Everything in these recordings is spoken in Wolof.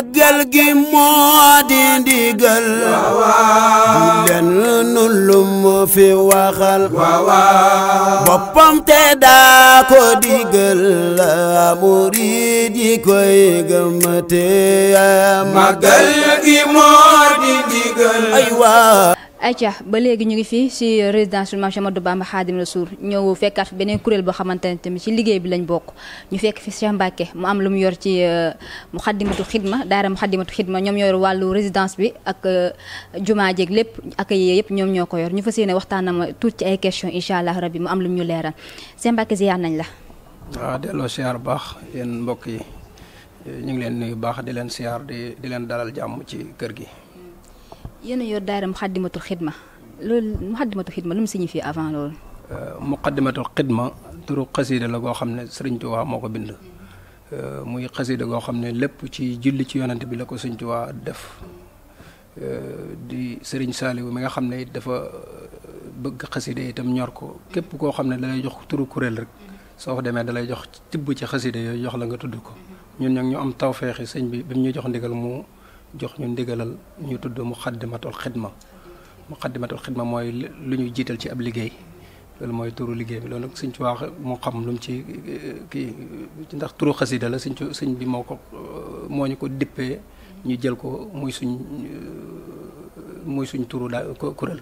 màggal gi moo di ndigal lenn nu lu fi waxal boppam te daa ko digal murid yi koy gëmate màggal gi moo di ndigal ay waa ay Aïcha ba léegi ñu ngi fii si résidence Mame Cheikh Ahmadou Bamba Khadim Rassoul ñëw fekkaat fi beneen kuréel boo xamante ne tamit si liggéey bi lañ bokk ñu fekk fi Cheikh Mbacké mu am lu mu yor ci euh, Moukhaddamatoul Khidma daara Moukhaddamatoul Khidma ñoom yor wàllu résidence bi ak euh, jumaa jeeg lépp ak yee yëpp ñoom ñoo ko yor ñu fas yéene waxtaana ma tuuti ci ay question incha allah rabbi mu am lu ñu leeral Cheikh Mbacké ziar nañ la waaw delloo siyaar baax yéen mbokk yi ñu ngi leen nuyu baax di leen siyaar di di leen dalal jàmm ci kër gi yéen a yor daara muxaddimatul xidma loolu muxaddimatul xidma lu mu signifie avant loolu. muxaddimatul xidma turu xasida la goo xam ne Sëriñ Tuubaa moo ko bind. muy xasida goo xam ne lépp ci julli ci yonante bi la ko Sëriñ Tuubaa def di Sëriñ Saaliwu mi nga xam ne dafa bëgg xasida itam ñor ko képp koo xam ne dalay jox turu kuréel rek. soo ko demee dalay jox tibb ci xasida yooyu jox la nga tudd ko ñun nag ñu am tawféexi sëñ bi bi mu ñu jox ndigal mu. jox ñu ndigalal ñu tudd mu muqaddimatul xidma muqaddimatul xidma mooy lu ñu jiital ci ab liggéey loolu mooy turu liggéey bi loolu nag suñ ci wax moo xam lu mu ci kii ndax turu xasida la suñ bi moo ko moo ñu ko dippee ñu jël ko muy suñ muy suñ turu daa kuréel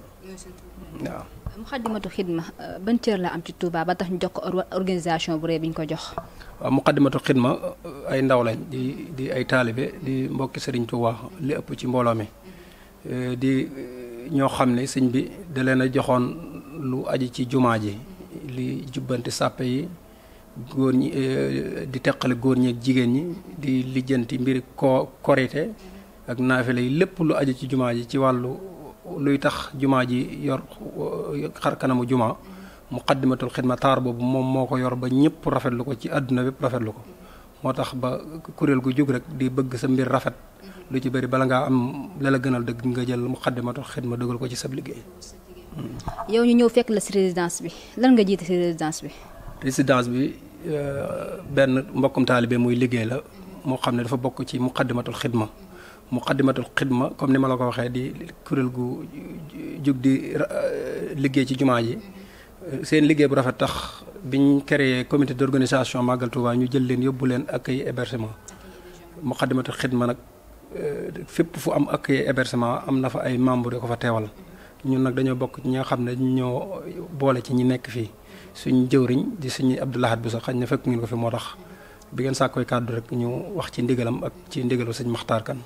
waaw Muxaddamatul Xidma euh, ban cër la am ci Touba ba tax ñu jox ko organisation bu rëy bi ñu ko jox. waaw Muxaddamatul Xidma euh, ay ndaw lañ di di ay taalibe di mbokki Serigne Touba li ëpp ci mbooloo mi euh, di ñoo xam ne sëñ bi da leen a joxoon lu aji ci jumaa ji li jubbanti sàppe yi góor ñi di teqale góor ñi ak jigéen ñi di lijjanti mbir ko korite ak naafila yi lépp lu aji ci jumaa ji ci wàllu. luy tax jumaa ji yor xar kanamu jumaa muqaddimatul xidma taar boobu moom moo ko yor ba ñëpp rafetlu ko ci àdduna bépp rafetlu ko moo tax ba kuréel gu jóg rek di bëgg sa mbir rafet lu ci bëri bala ngaa am la la gënal dëgg nga jël muqaddimatul xidma dugal ko ci sab liggéey. yow ñu ñëw fekk la si résidence bi lan nga jiite si résidence bi. résidence bi benn mbokkum taalibe muy liggéey la moo xam ne dafa bokk ci muqaddimatul xidma. muqaddimatul khidma comme ni ma la ko waxee di kuréel gu jug di euh, liggéey ci jumaa ji seen liggéey bu rafet tax biñ créé comité d' organisation màggal Touba ñu jël leen yóbbu leen accueil hébergement muqaddimatul khidma nag euh, fépp fu am accueil hébergement am na fa ay membre yu ko fa teewal ñun nag dañoo bokk ci ñi nga xam ne ñoo boole ci ñi nekk fii suñ jëwriñ di suñu abdoulahat bu sax xañ na fekk ngeen ko fi moo tax bi ngeen sàkkoy kàddu rek ñu wax ci ndigalam ak ci ndigalu sëñ maxtaar kan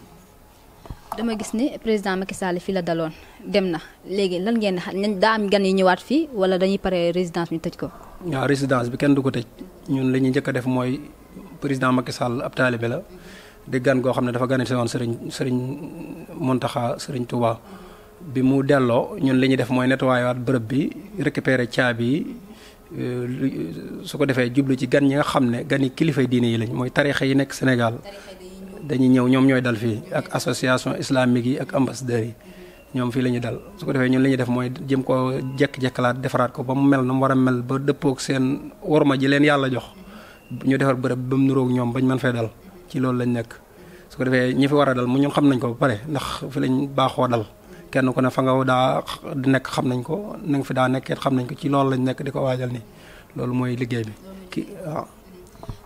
dama gis ni président Macky Sall fi la daloon dem na léegi lan ngeen di daa am gan yi ñëwaat fii wala dañuy pare résidence ñu tëj ko. waaw résidence bi kenn du ko tëj ñun li ñuy njëkk def mooy président Macky Sall ab taalibe la di gan goo xam ne dafa ganati woon sëriñ sëriñ Mountakha sëriñ Touba. bi mu delloo ñun lañuy def mooy nettoyé waat bërëb bi récupérer caabi yi euh, su ko defee jublu ci gan ñi nga xam ne gan yi kilifay diine yi lañ mooy tarixa yi nekk Sénégal. dañuy ñëw ñoom ñooy dal fii ak association islamique yi ak ambassadeurs yi ñoom fii la ñuy dal su ko defee ñun li ñuy def mooy jëm ko jekk-jekkalaat defaraat ko ba mu mel na mu war a mel ba dëppoog seen worma ji leen yàlla jox ñu defar bërëb ba mu nuroog ñoom bañ mën fay dal ci loolu lañ nekk su ko defee ñi fi war a dal mu ñun xam nañ ko ba pare ndax fi lañ baaxoo dal kenn ku ne fa nga daa nekk xam nañ ko na nga fi daa nekk xam nañ ko ci loolu lañ nekk di ko waajal ni loolu mooy liggéey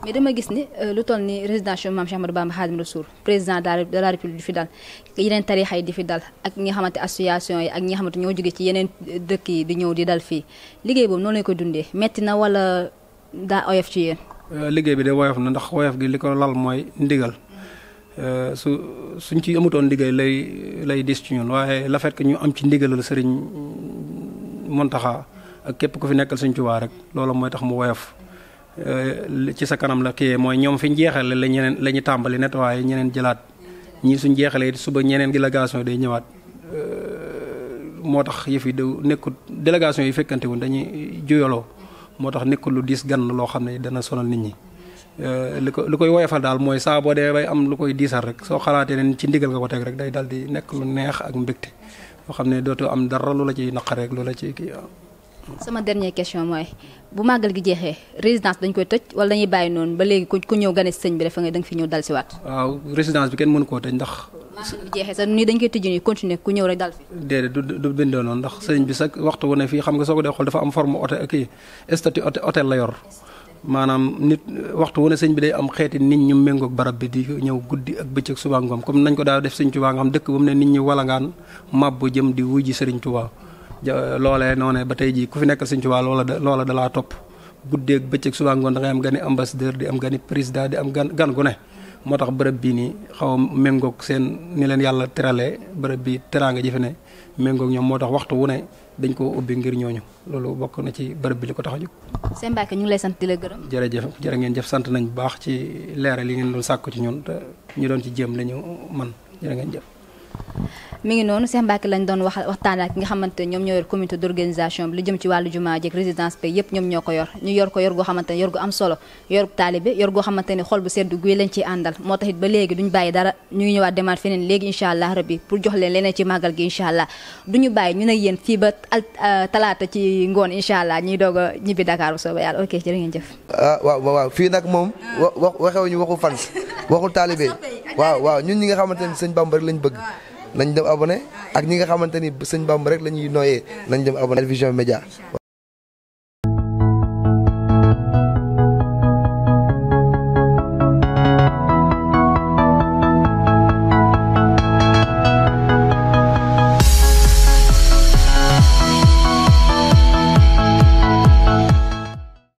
mais dama gis ni euh, lu toll ni résidence Maam Cheikh Ahmadou Bamba Khadim Rassoul président de la république di fi dal yeneen tarixa yi di fi dal ak ñi nga xamante association yi ak ñi xamat xamante ñoo jóge ci yeneen dëkk yi di ñëw di dal fii liggéey boobu noonu lañ ko dundee metti na walla daa oyof ci yéen euh, liggéey bi de woyof na ndax woyof gi li ko lal mooy ndigal euh, su suñ ci amutoon ndigal lay lay dis ci ñun waaye la fait ñu am ci ndigalal sëriñ Mountakha ak képp ku fi nekkal Sëriñ Tuubaa rek loolu mooy tax mu woyof Euh, ci sa kanam la kii mooy ñoom fi ñu jeexale la ñeneen la ñu tàmbali nettoyé ñeneen jëlaat ñii suñ jeexalee suba ñeneen délégation day ñëwaat euh, moo tax yëf yi du nekkut délégation yi fekkante wuñ dañuy juyaloo moo tax nekkul lu diis gan loo xam ne dana sonal nit ñi. Euh, li ko li koy woyofal daal mooy saa dee bay am lu koy diisal rek soo xalaatee leen ci ndigal nga ko teg rek day dal di nekk lu neex ak mbégte loo xam ne dootoo am dara lu la ciy naqareeg lu la ci sama dernière question mooy bu màggal gi jeexee résidence dañ koy tëj wala dañuy bàyyi noonu ba léegi ku ñëw gane si sëñ bi dafa nga nga fi ñëw dal si waat. waaw bi kenn mënu koo tëj ndax. màggal gi dañ koy tëj nii continuer ku ñëw rek dal fi. déedéet du du bindoo noonu ndax sëñ bi sax waxtu wu ne fii xam nga soo ko dee xool dafa am forme hôtel kii statut hôtel la yor. maanaam nit waxtu wu ne sëñ bi day am xeeti nit ñu méngook barab bi di ñëw guddi ak bëccëg suba ngoom comme nañ ko daa def sëñ Tuubaa nga xam dëkk ba mu ne nit ñi walangaan màbbu jëm di wuy ji sëriñ Tuubaa loolee noone ba tey jii ku fi nekk suñ Tuubaa loola loola dalaa topp guddeeg bëccëg suba ngoon da ngay am gani ambassadeur di am gani président di am gan gan gu moo tax bërëb bii nii xaw a méngoog seen ni leen yàlla teralee bërëb bi teraanga ji fi ne méngoog ñoom moo tax waxtu wu ne dañ ko ubbi ngir ñooñu loolu bokk na ci bërëb bi li ko tax a jóg. sëñ Mbacke ñu ngi lay sant di la gërëm. jërëjëf ngeen jëf sant nañ bu baax ci leeral yi ngeen doon sàkku ci ñun ñu doon ci jéem li ñu man jërë ngeen mi ngi noonu Cheikh Mbacke lañ doon wax waxtaan ak nga xamante ñoom ñoo yor comité d'organisation bi lu jëm ci wàllu jumaa jeeg résidence bi yëpp ñoom ñoo ko yor ñu yor ko yor goo xamante ne yor gu am solo yor goo xamante ne xol bu sedd guy lañ ciy àndal ba léegi duñu bàyyi dara ñu ngi ñëwaat demaat feneen léegi incha allah rabbi pour jox leen leneen ci màggal gi incha allah ñu bàyyi ñu ne yéen fii ba euh, talaata ci ngoon incha allah ñuy doog a ñibbi Dakar bu soobee yàlla ok jërë ngeen jëf ah waaw waaw fii nag moom wa waxew ñu waxu fans waxu taalibe waaw waaw ñun ñi nga xamante ne nañ dem abonné ak ñi nga xamante ni sëñ Bamba rek la ñuy nooyee nañ dem abonné El Vision Médias